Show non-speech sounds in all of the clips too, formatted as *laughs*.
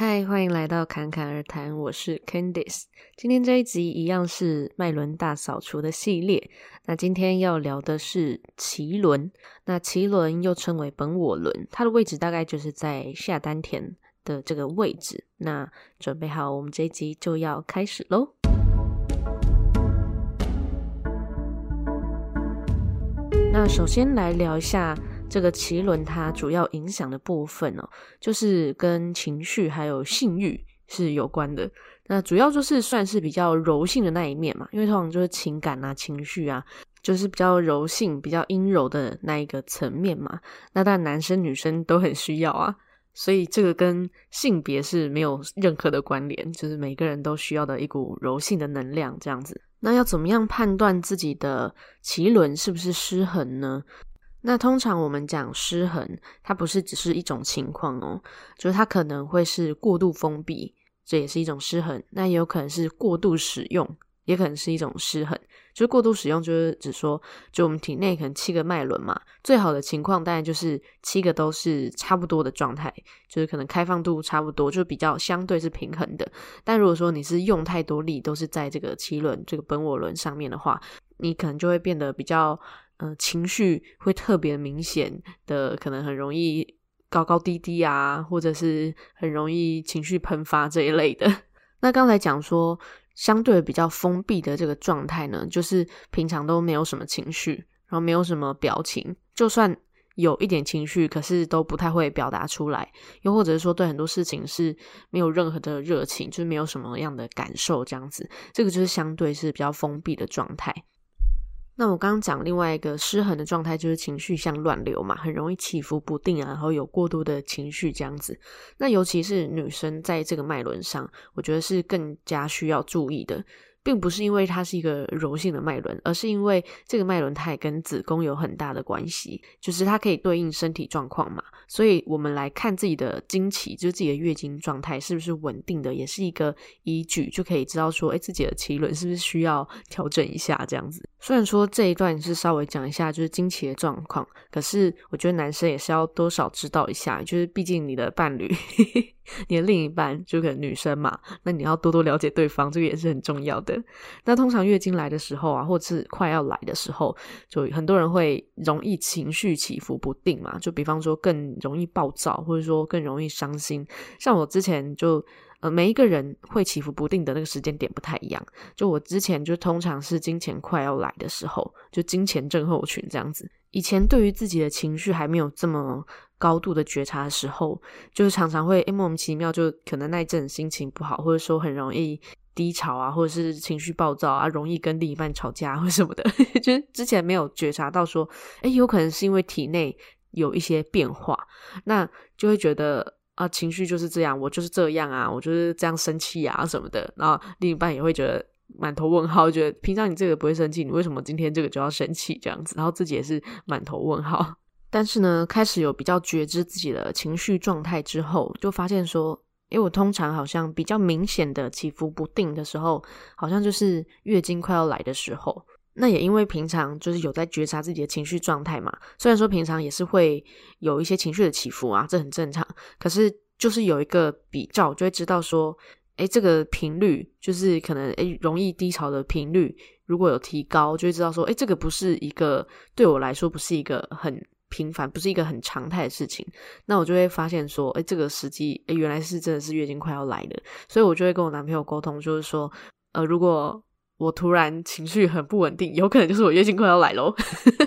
嗨，Hi, 歡迎來到侃侃而談，我是 Candice。今天這一集一樣是脈輪大掃除的系列。那今天要聊的是臍輪，那臍輪又稱為本我輪，它的位置大概就是在下丹田的這個位置。那準備好，我們這一集就要開始嘍。 *music* 那首先來聊一下。這個臍輪它主要影響的部分哦，就是跟情緒還有性欲是有關的。那主要就是算是比較柔性的那一面嘛，因為通常就是情感啊、情緒啊，就是比較柔性、比較陰柔的那一個層面嘛。那當然，男生女生都很需要啊，所以這個跟性別是沒有任何的關聯，就是每個人都需要的一股柔性的能量這樣子。那要怎麼樣判斷自己的臍輪是不是失衡呢？那通常我們講失衡，它不是只是一種情況哦，就是它可能會是過度封閉，這也是一種失衡。那也有可能是過度使用，也可能是一種失衡。就是過度使用，就是指說，就我們體內可能七個脈輪嘛，最好的情況當然就是七個都是差不多的狀態，就是可能開放度差不多，就比較相對是平衡的。但如果說你是用太多力，都是在這個臍輪這個本我輪上面的話，你可能就會變得比較。嗯、呃，情緒會特別明顯的，可能很容易高高低低啊，或者是很容易情緒噴發這一類的。 *laughs* 那剛才講說，相對比較封閉的這個狀態呢，就是平常都沒有什麼情緒，然後沒有什麼表情，就算有一點情緒，可是都不太會表達出來，又或者是說對很多事情是沒有任何的熱情，就是沒有什麼樣的感受這樣子。這個就是相對是比較封閉的狀態。那我剛剛講另外一個失衡的狀態，就是情緒像亂流嘛，很容易起伏不定啊，然後有過度的情緒這樣子。那尤其是女生在這個脈輪上，我覺得是更加需要注意的。並不是因為它是一個柔性的脈輪，而是因為這個脈輪它也跟子宮有很大的關係，就是它可以對應身體狀況嘛。所以我們來看自己的經期，就是自己的月經狀態是不是穩定的，也是一個依據，就可以知道說，哎、欸，自己的臍輪是不是需要調整一下這樣子。雖然說這一段是稍微講一下，就是經期的狀況，可是我覺得男生也是要多少知道一下，就是畢竟你的伴侶。 *laughs* 你的另一半就可能女生嘛，那你要多多了解對方，這個也是很重要的。那通常月經來的時候啊，或者是快要來的時候，就很多人會容易情緒起伏不定嘛。就比方說更容易暴躁，或者說更容易傷心。像我之前就呃，每一個人會起伏不定的那個時間點不太一樣。就我之前就通常是金錢快要來的時候，就金錢症候群這樣子。以前對於自己的情緒還沒有這麼。高度的覺察的時候，就是常常會、欸、莫名其妙，就可能那一陣心情不好，或者說很容易低潮啊，或者是情緒暴躁啊，啊容易跟另一半吵架，啊，或者什麼的。 *laughs* 就之前沒有覺察到說，說、欸、誒有可能是因為體內有一些變化，那就會覺得啊，情緒就是這樣，我就是這樣啊，我就是這樣生氣啊什麼的。然後另一半也會覺得滿頭問號，覺得平常你這個不會生氣，你為什麼今天這個就要生氣這樣子？然後自己也是滿頭問號。但是呢，開始有比較覺知自己的情緒狀態之後，就發現說，因為我通常好像比較明顯的起伏不定的時候，好像就是月經快要來的時候。那也因為平常就是有在覺察自己的情緒狀態嘛，雖然說平常也是會有一些情緒的起伏啊，這很正常。可是就是有一個比較，就會知道說，誒，這個頻率就是可能誒容易低潮的頻率，如果有提高，就會知道說，誒，這個不是一個對我來說不是一個很。頻繁不是一個很常態的事情，那我就會發現說，哎，這個時機，哎，原來是真的是月經快要來了，所以我就會跟我男朋友溝通，就是說，呃，如果我突然情緒很不穩定，有可能就是我月經快要來嘍，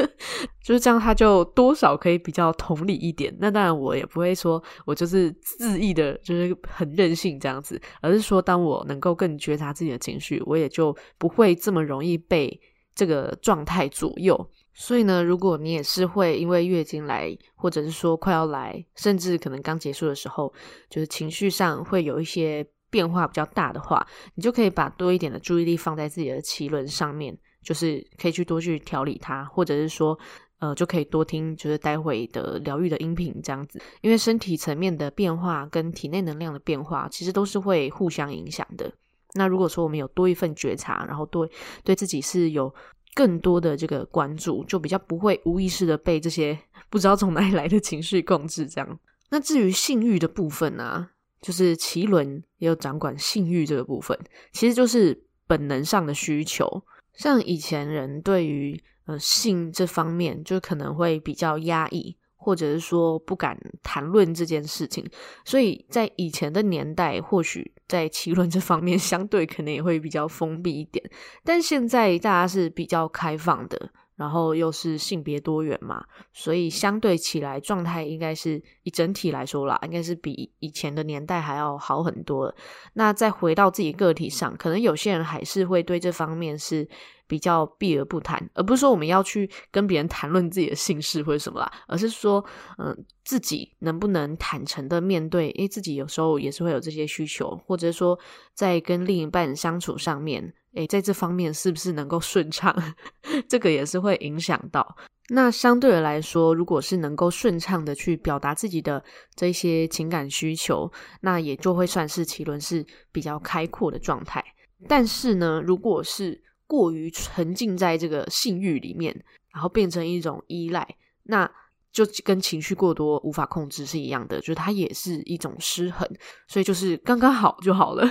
*laughs* 就是這樣，他就多少可以比較同理一點。那當然，我也不會說我就是恣意的，就是很任性這樣子，而是說，當我能夠更覺察自己的情緒，我也就不會這麼容易被這個狀態左右。所以呢，如果你也是會因為月經來，或者是說快要來，甚至可能剛結束的時候，就是情緒上會有一些變化比較大的話，你就可以把多一點的注意力放在自己的臍輪上面，就是可以去多去調理它，或者是說，呃，就可以多聽就是待會的療癒的音頻這樣子，因為身體層面的變化跟體內能量的變化其實都是會互相影響的。那如果說我們有多一份覺察，然後對對自己是有。更多的這個關注，就比較不會無意識的被這些不知道從哪裡來的情緒控制。這樣，那至於性欲的部分啊，就是臍輪也有掌管性欲這個部分，其實就是本能上的需求。像以前人對於呃性這方面，就可能會比較壓抑，或者是說不敢談論這件事情。所以在以前的年代，或許。在臍輪這方面，相對可能也會比較封閉一點，但現在大家是比較開放的，然後又是性別多元嘛，所以相對起來狀態應該是，以整體來說啦，應該是比以前的年代還要好很多。那再回到自己個體上，可能有些人還是會對這方面是，比較避而不談，而不是說我們要去跟別人談論自己的性事或者什麼啦，而是說，嗯、呃，自己能不能坦誠的面對？因為自己有時候也是會有這些需求，或者說在跟另一半相處上面，誒、欸、在這方面是不是能夠順暢？這個也是會影響到。那相對來說，如果是能夠順暢的去表達自己的這些情感需求，那也就會算是臍輪是比較開闊的狀態。但是呢，如果是過於沉浸在這個性欲裡面，然後變成一種依賴，那就跟情緒過多無法控制是一樣的，就是它也是一種失衡，所以就是剛剛好就好了。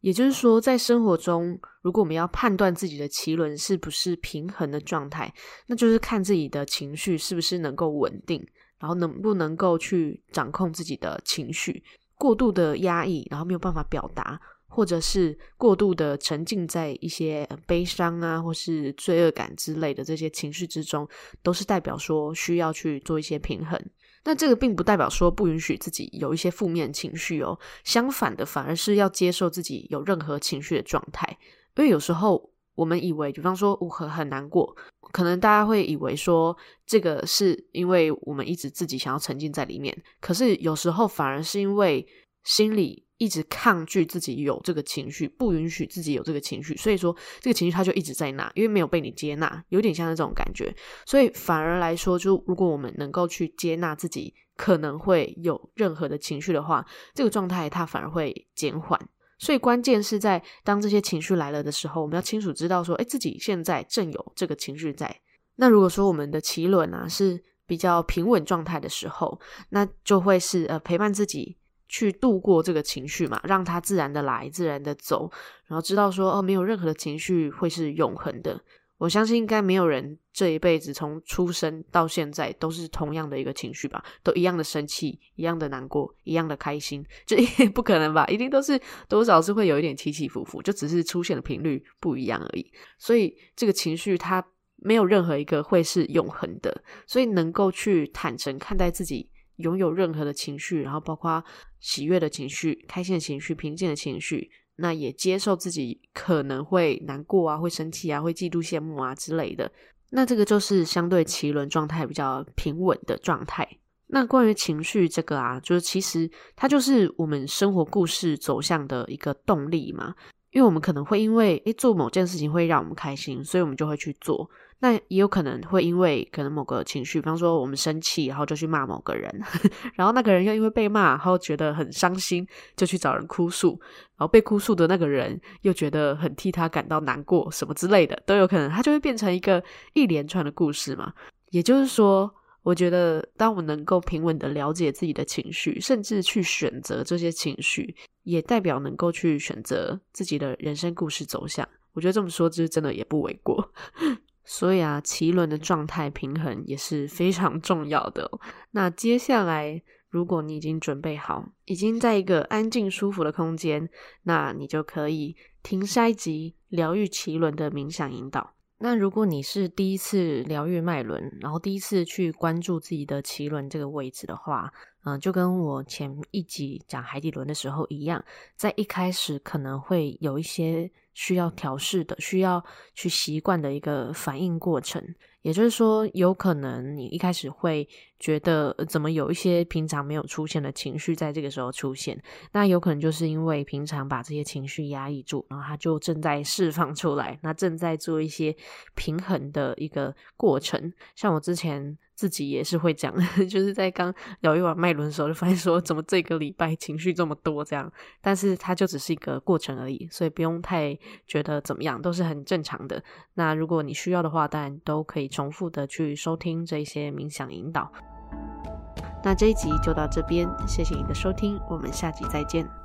也就是說，在生活中，如果我們要判斷自己的臍輪是不是平衡的狀態，那就是看自己的情緒是不是能夠穩定，然後能不能夠去掌控自己的情緒，過度的壓抑，然後沒有辦法表達。或者是過度的沉浸在一些悲傷啊，或是罪惡感之類的這些情緒之中，都是代表說需要去做一些平衡。那這個並不代表說不允許自己有一些負面情緒哦，相反的反而是要接受自己有任何情緒的狀態。因為有時候我們以為，比方說我很難過，可能大家會以為說這個是因為我們一直自己想要沉浸在裡面，可是有時候反而是因為心裡，一直抗拒自己有這個情緒，不允許自己有這個情緒，所以說這個情緒它就一直在那，因為沒有被你接納，有點像這種感覺。所以反而來說，就如果我們能夠去接納自己可能會有任何的情緒的話，這個狀態它反而會減緩。所以關鍵是在當這些情緒來了的時候，我們要清楚知道說，誒、哎，自己現在正有這個情緒在。那如果說我們的臍輪啊是比較平穩狀態的時候，那就會是呃陪伴自己。去度過這個情緒嘛，讓它自然的來，自然的走，然後知道說哦，沒有任何的情緒會是永恆的。我相信應該沒有人這一輩子從出生到現在都是同樣的一個情緒吧，都一樣的生氣，一樣的難過，一樣的開心，這也不可能吧？一定都是多少是會有一點起起伏伏，就只是出現的頻率不一樣而已。所以這個情緒它沒有任何一個會是永恆的，所以能夠去坦誠看待自己。擁有任何的情緒，然後包括喜悅的情緒、開心的情緒、平靜的情緒，那也接受自己可能會難過啊、會生氣啊、會嫉妒、羨慕啊之類的。那這個就是相對臍輪狀態比較平穩的狀態。那關於情緒這個啊，就是其實它就是我們生活故事走向的一個動力嘛。因為我們可能會因為一、欸、做某件事情會讓我們開心，所以我們就會去做。那也有可能會因為可能某個情緒，比方說我們生氣，然後就去罵某個人呵呵，然後那個人又因為被罵，然後覺得很傷心，就去找人哭訴，然後被哭訴的那個人又覺得很替他感到難過，什麼之類的都有可能，他就會變成一個一連串的故事嘛。也就是說。我覺得，當我能夠平穩的了解自己的情緒，甚至去選擇這些情緒，也代表能夠去選擇自己的人生故事走向。我覺得這麼說，之真的也不為過。 *laughs* 所以啊，臍輪的狀態平衡也是非常重要的、哦。那接下來，如果你已經準備好，已經在一個安靜舒服的空間，那你就可以聽這集療癒臍輪的冥想引導。那如果你是第一次療癒脈輪，然後第一次去關注自己的臍輪這個位置的話，嗯、呃，就跟我前一集講海底輪的時候一樣，在一開始可能會有一些需要調適的、需要去習慣的一個反應過程，也就是說，有可能你一開始會。覺得怎麼有一些平常沒有出現的情緒在這個時候出現，那有可能就是因為平常把這些情緒壓抑住，然後他就正在釋放出來，那正在做一些平衡的一個過程。像我之前自己也是會講，就是在剛聊一晚脈輪的時候，就發現說怎麼這個禮拜情緒這麼多這樣，但是它就只是一個過程而已，所以不用太覺得怎麼樣，都是很正常的。那如果你需要的話，當然都可以重複的去收聽這些冥想引導。那這一集就到這邊，謝謝你的收聽，我們下集再見。